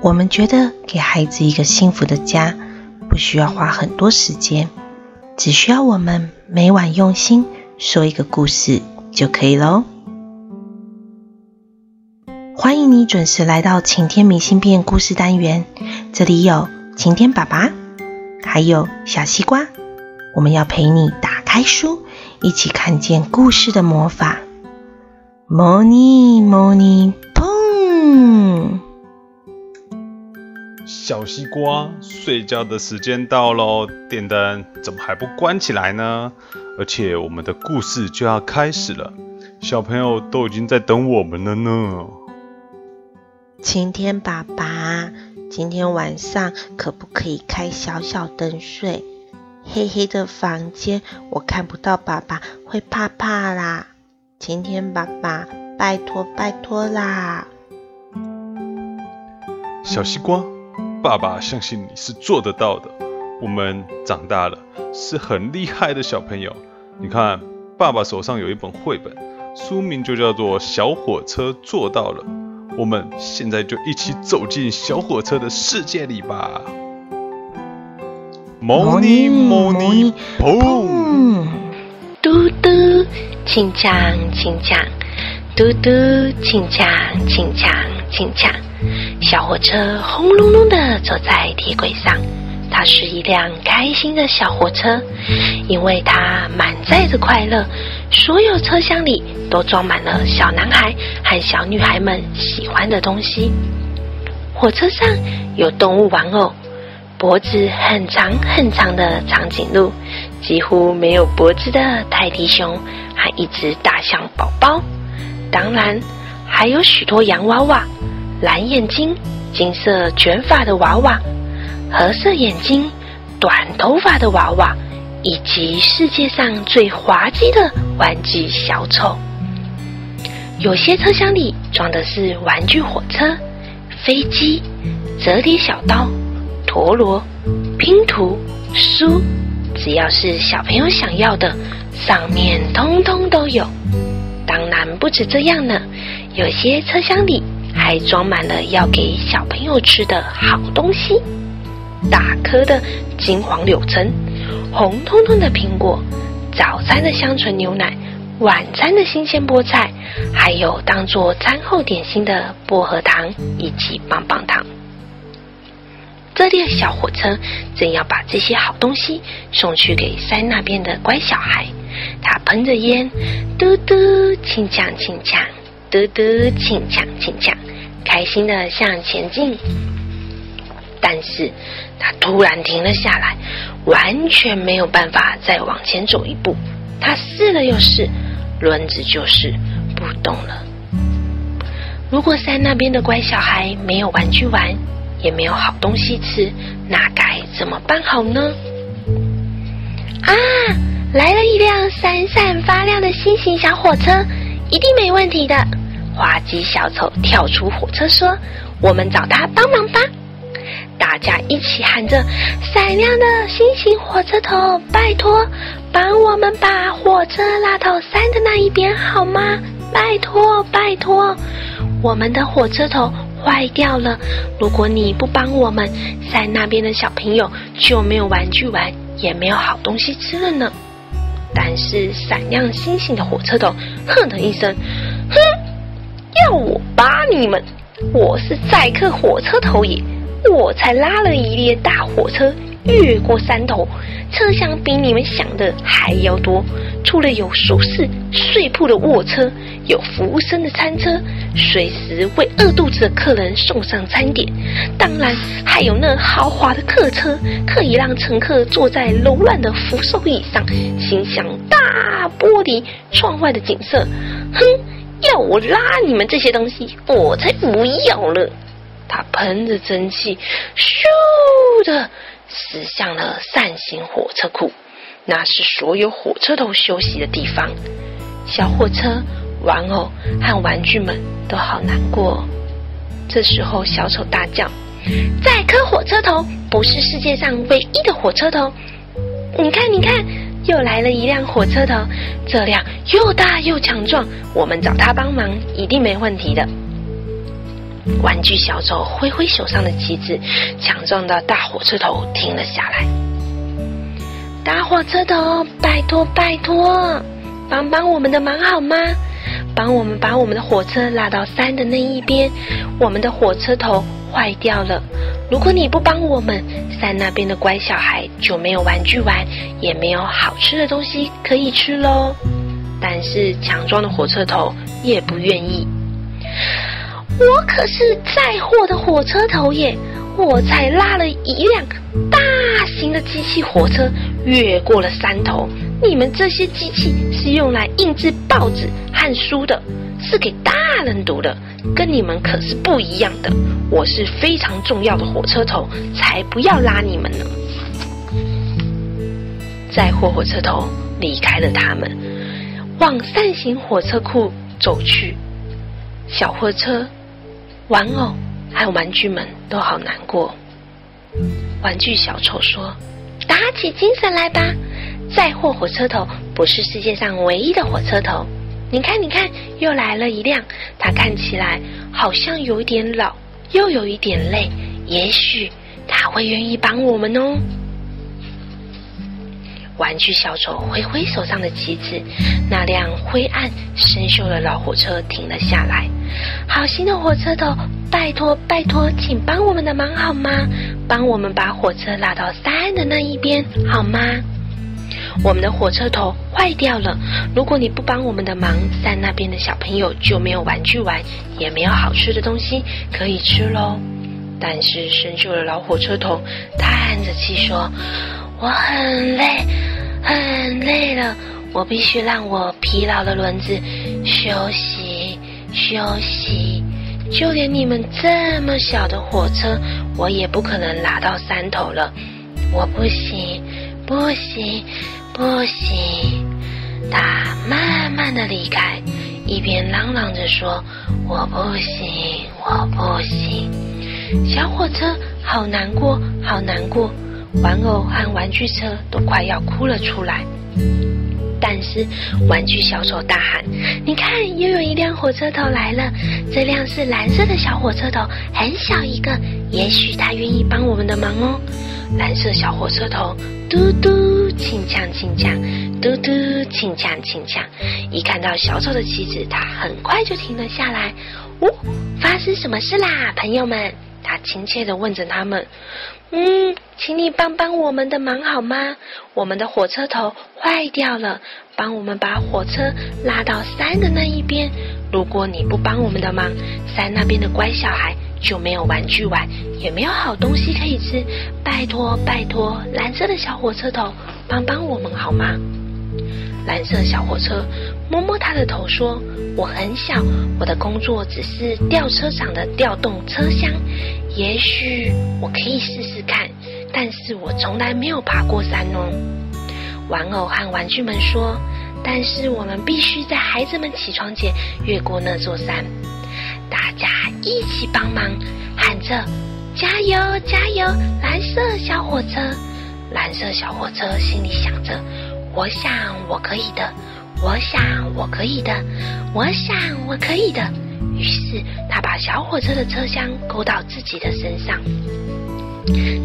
我們覺得給孩子一個幸福的家，不需要花很多時間，只需要我們每晚用心說一個故事，就可以嘍。歡迎你準時來到晴天明信片故事單元，這裡有晴天爸爸，還有小西瓜，我們要陪你打開書，一起看見故事的魔法。魔妮，魔妮，碰！小西瓜，睡覺的時間到咯。電燈怎麼還不關起來呢？而且我們的故事就要開始了，小朋友都已經在等我們了呢。晴天爸爸，今天晚上可不可以開小小燈睡？黑黑的房間，我看不到爸爸，會怕怕啦！晴天爸爸，拜托拜托啦！小西瓜。爸爸相信你是做得到的。我們長大了是很厲害的小朋友。你看，爸爸手上有一本繪本，書名就叫做《小火車做到了》。我們現在就一起走進小火車的世界裡吧。魔妮魔妮，碰！嘟嘟，請搶，請搶！嘟嘟，請搶，請搶，請搶！小火車轟隆隆地走在鐵軌上，它是一輛開心的小火車，因為它滿載着快樂。所有車廂裡都裝滿了小男孩和小女孩們喜歡的東西。火車上有動物玩偶，脖子很長很長的長頸鹿，幾乎沒有脖子的泰迪熊和一隻大象寶寶。當然，還有許多洋娃娃。藍眼睛、金色捲髮的娃娃，褐色眼睛、短頭髮的娃娃，以及世界上最滑稽的玩具小丑。有些車廂裡裝的是玩具火車、飛機、摺疊小刀、陀螺、拼圖、書，只要是小朋友想要的，上面通通都有。當然不止這樣呢，有些車廂裡，還裝滿了要給小朋友吃的好東西：大顆的金黃柳橙、紅彤彤的蘋果、早餐的香醇牛奶、晚餐的新鮮菠菜，還有當做餐後點心的薄荷糖以及棒棒糖。這列小火車正要把這些好東西送去給山那邊的乖小孩。它噴着煙，嘟嘟，輕響輕響。輕嘚嘚，輕巧輕巧，開心的向前進。但是，他突然停了下來，完全沒有辦法再往前走一步。他試了又試，輪子就是不動了。如果山那邊的乖小孩沒有玩具玩，也沒有好東西吃，那該怎麼辦好呢？啊！來了一輛閃閃發亮的新型小火車，一定沒問題的。滑稽小丑跳出火車說：“我們找他幫忙吧！”大家一起喊着：“閃亮的星星火車頭，拜託幫我們把火車拉到山的那一邊好嗎？拜託，拜託！我們的火車頭壞掉了，如果你不幫我們，山那邊的小朋友就沒有玩具玩，也沒有好東西吃了呢。”但是閃亮星星的火車頭哼的一聲，哼。要我把你們？我是載客火車頭也。我才拉了一列大火車越過山頭，車廂比你們想的還要多。除了有舒適睡鋪的臥車，有服務生的餐車，隨時為餓肚子的客人送上餐點。當然還有那豪華的客車，可以讓乘客坐在柔軟的扶手椅上，欣賞大玻璃窗外的景色。哼！要我拉你們這些東西，我才不要了！他噴着蒸汽，咻的駛向了扇形火車庫，那是所有火車頭休息的地方。小火車、玩偶和玩具們都好難過哦。這時候，小丑大叫：“載客火車頭不是世界上唯一的火車頭！你看，你看！”又來了一輛火車頭，這輛又大又強壯，我們找他幫忙一定沒問題的。玩具小丑揮揮手上的旗子，強壯的大火車頭停了下來。大火車頭，拜托拜托，幫幫我們的忙好嗎？幫我們把我們的火車拉到山的那一邊。我們的火車頭壞掉了。如果你不幫我們，山那邊的乖小孩就沒有玩具玩，也沒有好吃的東西可以吃嘍。但是強壯的火車頭也不願意。我可是載貨的火車頭耶！我才拉了一輛大型的機器火車越過了山頭。你們這些機器是用來印製報紙。看書的是給大人讀的，跟你們可是不一樣的。我是非常重要的火車頭，才不要拉你們呢。載貨火車頭離開了他們，往扇形火車庫走去。小貨車、玩偶還有玩具們都好難過。玩具小丑說：“打起精神來吧，載貨火車頭不是世界上唯一的火車頭。”你看，你看，又來了一輛。它看起來好像有點老，又有一點累。也許它會願意幫我們哦。玩具小丑揮揮手上的旗子，那輛灰暗、生鏽的老火車停了下來。好心的火車頭，拜託，拜託，請幫我們的忙好嗎？幫我們把火車拉到山的那一邊好嗎？我們的火車頭壞掉了，如果你不幫我們的忙，山那邊的小朋友就沒有玩具玩，也沒有好吃的東西可以吃嘍。但是生鏽的老火車頭嘆着氣說：“我很累，很累了，我必須讓我疲勞的輪子休息休息。就連你們這麼小的火車，我也不可能拉到山頭了，我不行，不行。”不行，他慢慢的離開，一邊嚷嚷着說：“我不行，我不行。”小火車好難過，好難過，玩偶和玩具車都快要哭了出來。但是，玩具小丑大喊：“你看，又有一輛火車頭來了，這輛是藍色的小火車頭，很小一個，也許他願意幫我們的忙哦。”藍色小火車頭。嘟嘟，輕嗆輕嗆，嘟嘟，輕嗆輕嗆。一看到小丑的旗子，他很快就停了下來。嗚、哦，發生什麼事啦，朋友們？他親切地問着他們。嗯，請你幫幫我們的忙好嗎？我們的火車頭壞掉了，幫我們把火車拉到山的那一邊。如果你不幫我們的忙，山那邊的乖小孩。就沒有玩具玩，也沒有好東西可以吃。拜托，拜托，藍色的小火車頭，幫幫我們好嗎？藍色小火車摸摸它的頭，說：“我很小，我的工作只是調車場的調動車廂。也許我可以試試看，但是我從來沒有爬過山哦。”玩偶和玩具們說：“但是我們必須在孩子們起床前越過那座山。”大家。一起幫忙，喊着加油加油！藍色小火車，藍色小火車心裡想着：我想我可以的，我想我可以的，我想我可以的。於是他把小火車的車廂勾到自己的身上，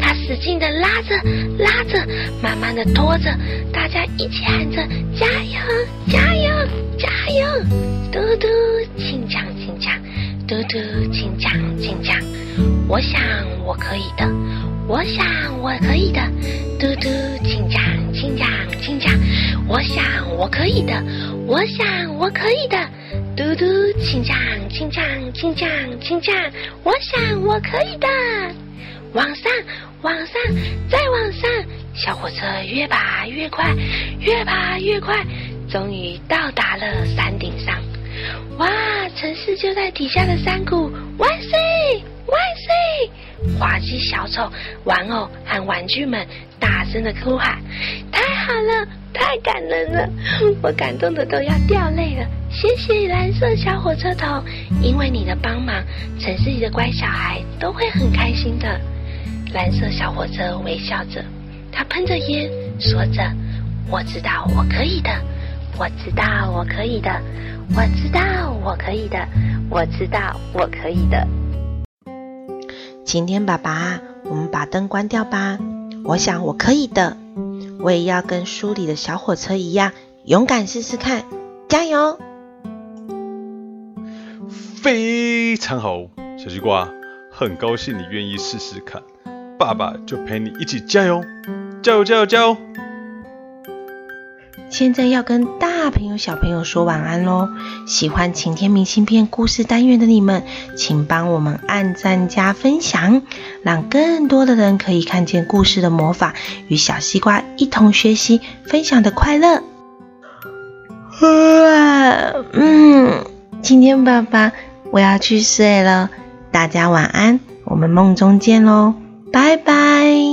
他使勁的拉着拉着，慢慢的拖着，大家一起喊着加油加油加油！嘟嘟，請。嘟嘟，請講，請講。我想我可以的，我想我可以的。嘟嘟，請講，請講，請講。我想我可以的，我想我可以的。嘟嘟，請講，請講，請講，請講。我想我可以的。往上，往上，再往上！小火車越爬越快，越爬越快，終於到達了山頂上。哇！城市就在底下的山谷，萬歲，萬歲！滑稽小丑、玩偶和玩具們大聲的哭喊：“太好了，太感人了，我感動的都要掉淚了！”謝謝藍色小火車頭，因為你的幫忙，城市裡的乖小孩都會很開心的。藍色小火車微笑着，他噴着煙，說着：“我知道我可以的，我知道我可以的。”我知道我可以的，我知道我可以的。晴天爸爸，我們把燈關掉吧。我想我可以的，我也要跟書裡的小火車一樣勇敢試試看，加油！非常好，小西瓜，很高興你願意試試看，爸爸就陪你一起加油，加油，加油，加油！現在要跟大朋友、小朋友說晚安嘍！喜歡晴天明信片故事單元的你們，請幫我們按讚加分享，讓更多的人可以看見故事的魔法，與小西瓜一同學習分享的快樂，啊。嗯，今天爸爸，我要去睡了，大家晚安，我們夢中見嘍，拜拜。